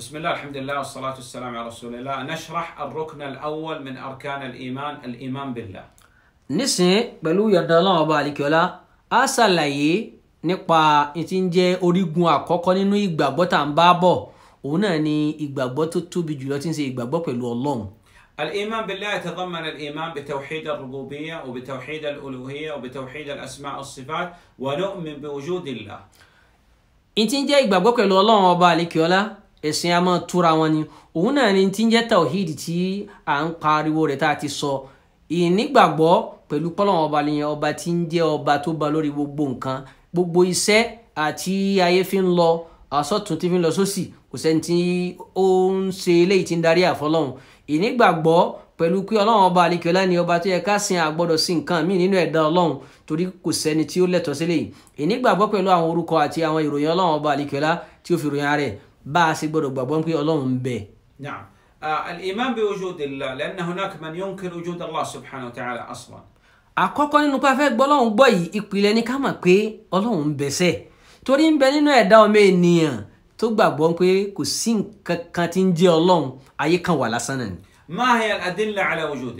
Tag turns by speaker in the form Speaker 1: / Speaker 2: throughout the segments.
Speaker 1: بسم الله الحمد لله والصلاة والسلام على رسول الله نشرح الركن الأول من أركان الإيمان الإيمان بالله
Speaker 2: نسي pẹ̀lú yọ̀dọ̀ ọlọ́run ọba àlìkíọ́lá á ṣàlàyé nípa ti ń jẹ́ orígun àkọ́kọ́ nínú ìgbàgbọ́ tá à ń bá bọ̀ òun náà ni ìgbàgbọ́ tó
Speaker 1: الإيمان بالله يتضمن الإيمان بتوحيد الربوبية وبتوحيد الألوهية وبتوحيد الأسماء والصفات ونؤمن بوجود الله.
Speaker 2: ìtí ń jẹ́ ìgbàgbọ́ pẹ̀lú ọlọ́run ọba ẹ̀sìn a máa túra wọn ni òun náà ni ti ń jẹ́ tawhid tí à ń pariwo rẹ̀ tá a ti sọ ìnígbàgbọ́ pẹ̀lú pọ́lọ́wọ́n ọba lèyàn ọba tí ń jẹ́ ọba tó ba lórí gbogbo nǹkan gbogbo iṣẹ́ àti ayé fi ń lọ àsọ̀tún tí fi ń lọ sósì kò sẹ́ni tí ó ń ṣe eléyìí tí ń darí àfọlọ́hún ìnígbàgbọ́ pẹ̀lú pé ọlọ́run ọba àlekèọ́lá ni ọba tó yẹ ká sin àgbọ́dọ̀ sí nǹkan míì nínú ẹ̀dá ọlọ́run torí kò sẹ́ni tí ó lẹ́tọ̀ọ́ sílẹ̀ yìí ìnígbàgbọ́ pẹ̀lú àwọn orúkọ àti àwọn ìròyìn ọlọ́run ọba àlekèọ́lá tí ó fi ròyìn ara rẹ̀ bá a ṣe gbọ́dọ̀ gbàgbọ́ pé ọlọ́run ń bẹ.
Speaker 1: naam ah, al-iman bi wujud Allah lẹ́nu hunaka man yunkir wujud
Speaker 2: Allah subhanahu wa ta'ala aslan. àkọ́kọ́ nínú pa fẹ́ gbọ́ ọlọ́run gbọ́ yìí ìpìlẹ̀ ni ká mọ̀ pé ọlọ́run ń bẹ̀sẹ̀ torí ń bẹ nínú ẹ̀dá ọmọ ènìyàn tó gbàgbọ́ pé kò sí nǹkan kan tí ń jẹ́ ọlọ́run ayé kan wà lásán náà ni.
Speaker 1: ma hiya al-adilla ala wujud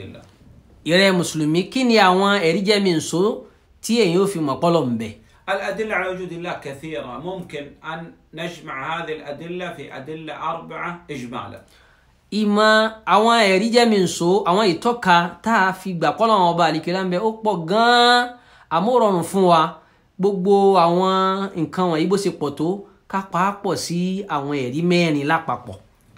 Speaker 1: الأدلة على وجود الله كثيرة ممكن أن نجمع هذه الأدلة في أدلة أربعة إجمالا
Speaker 2: إما أوان ẹ̀rí من سو أوان يتوكا تا في gbà kọ́ lọ́wọ́ ọba àlìkèlá ń bẹ ó pọ̀ gan-an àmúrọ̀rùn fún wa gbogbo àwọn nǹkan wọ̀nyí bó ṣe pọ̀ tó ká pàápọ̀ sí àwọn ẹ̀rí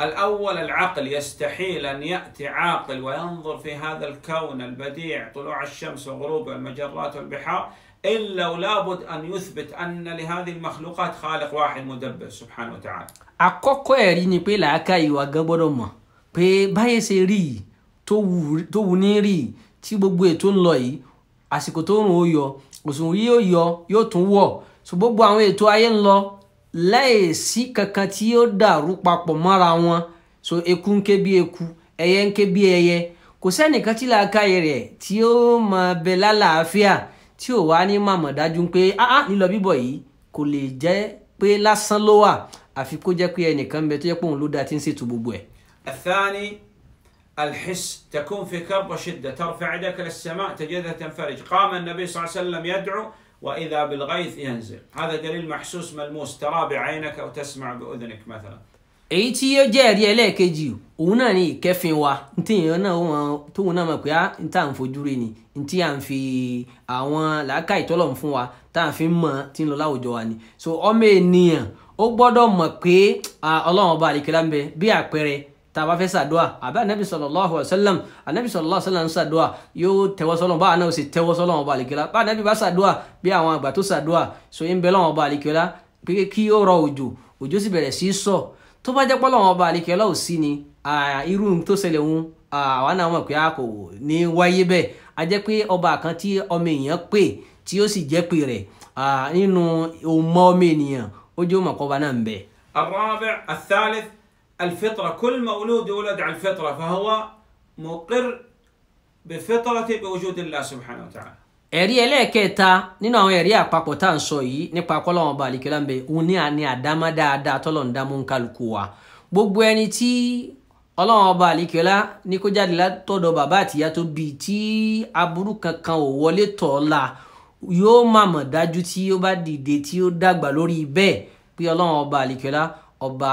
Speaker 1: الأول العقل يستحيل أن يأتي عاقل وينظر في هذا الكون البديع طلوع الشمس وغروب المجرات والبحار إلا ولابد أن يثبت أن لهذه المخلوقات خالق واحد مدبر سبحانه وتعالى
Speaker 2: àkọ́kọ́ ẹ̀rí ni pé làákàyè wa gan gbọ́dọ̀ mọ̀ pé báyé ṣe rí i tó wù ní rí i tí gbogbo ètò ń lọ yìí àsìkò tó rùn ó yọ òṣùn yìí ó yọ yóò tún wọ̀ so gbogbo àwọn ètò ayé ń lọ láìsí kankan tí yóò dàrú papọ̀ mọ́ra wọn so eku ń ké bí eku ẹyẹ ń ké bí ẹyẹ kò sẹ́nìkan tí làákàyè rẹ̀ tí ó máa bẹ lálàáfíà la tí ò wá ní màmọ̀ dájú pé ni lo bíbọ̀ yìí kò lè jẹ́ pé lásán ló wà àfi kó jẹ́ pé ẹnìkan bẹ tó je pé on ló dá tin se tu gbogbo ẹ̀.
Speaker 1: الثاني الحس تكون في كرب وشدة ترفع يدك للسماء تجدها تنفرج قام النبي صلى الله عليه وسلم يدعو وإذا بالغيث ينزل هذا دليل محسوس ملموس ترى بعينك أو تسمع بأذنك مثلا
Speaker 2: èyí tí ó jẹ́ ẹ̀rí ẹlẹ́ẹ̀kejì òun náà ni ìkẹ́fin wa ntìyàn náà wọn tóun náà mọ̀ pé n tá à ń fojú rè ni n tí à ń fi àwọn làákà ìtọ́lọ̀ fún wa tá à ń fi mọ̀ tí ń lọ láwùjọ wa ni so ọmọ ènìyàn ó gbọ́dọ̀ mọ̀ pé ọlọ́run ọba àlìkẹ́lá ń bẹ bí àpẹẹrẹ tá a bá fẹ́ ṣàdúà àbí anabi sallallahu alaihi wasallam anabi sallallahu alaihi wasallam ṣàdúà yóò tẹ́wọ́ sọ́lọ́run bá anabi sì tẹ́wọ́ sọ́lọ́run ọba àlìkẹ́lá bá anabi bá ṣàdúà bí àwọn àgbà tó ṣàdúà so ń bẹ lọ́run ọba àlìkẹ́lá pé kí ó rọ òjò òjò sì bẹ̀rẹ̀ sí í sọ̀ tó bá jẹ́ pọ́lọ́ wọn ọba àlekè ọlọ́wọ́ sí ni irú tó ṣẹlẹ̀ òun àwa náà mọ̀ pé a kò ní wáyé bẹ́ẹ̀ a jẹ́ pé ọba kan tí ọmọ èèyàn pè tí ó sì jẹ́ pè rẹ̀ nínú ọmọ ọmọ ènìyàn ó jẹ́ òmò kọ́ba náà ń bẹ.
Speaker 1: الرابع الثالث الفطرة كل مولود يولد على الفطرة فهو مقر بفطرته بوجود الله سبحانه وتعالى
Speaker 2: ẹ̀rí ẹlẹ́ẹ̀kẹta nínú àwọn ẹ̀rí àpapọ̀ tá à ń sọ yìí nípa kọ́lọ́wọ́n bá àlìkẹ́lá ń bẹ òun ní àní àdámá dáadáa tọ́lọ̀ ń dámú ń kálukú wa gbogbo ẹni tí ọlọ́wọ́n ọba àlìkẹ́lá ní kó jáde látọ̀dọ̀ bàbá àtìyá tó bí tí aburú kankan ò wọlé tọ̀ la yóò má mọ̀ dájú tí ó bá dìde tí ó dàgbà lórí bẹ́ẹ̀ pé ọlọ́wọ́n ọba àlìkẹ́lá ọba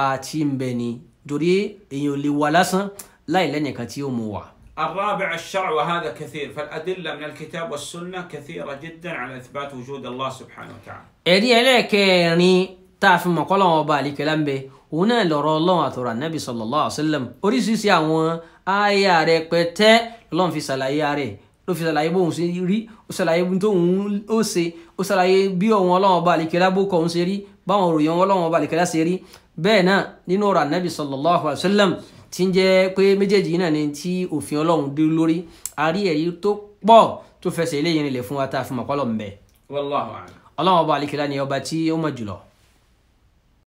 Speaker 1: الرابع الشرع وهذا كثير فالأدلة من الكتاب والسنة كثيرة جدا على إثبات وجود الله سبحانه وتعالى
Speaker 2: ẹ̀rí ẹlẹ́ẹ̀kẹrin tá a fi mọ̀ kọ́lọ́wọ́ ọba àlìkẹ́lá ń bẹ òun náà lọ́rọ̀ ọlọ́run àtọ̀rọ̀ ànábì sallallahu alaihi wasallam oríṣiríṣi àwọn àyà rẹ̀ pẹ́tẹ́ lọ́n fi ṣàlàyé rẹ̀ ló fi ṣàlàyé bóun ṣe rí ó ṣàlàyé tóun ó ṣe ó ṣàlàyé bí ọ̀hún ọlọ́run ọba àlìkẹ́lá bó kọ́ òun ṣe rí báwọn òròyìn ọlọ́run ọba àlìkẹ́lá ṣe rí bẹ́ẹ̀ náà nínú ọ̀rọ̀ ànábì sallallahu alaihi wasallam tí ń jẹ́ pé méjèèjì náà ni tí òfin ọlọ́run dé lórí a rí ẹ̀rí tó pọ̀ tó fẹsẹ̀ eléyìí rinlẹ̀ fún wa tá a fi mọ̀ pọ́lọ̀ ń bẹ. ọlọ́run ọba àlekèlá ni ọba tí ó mọ̀ jùlọ.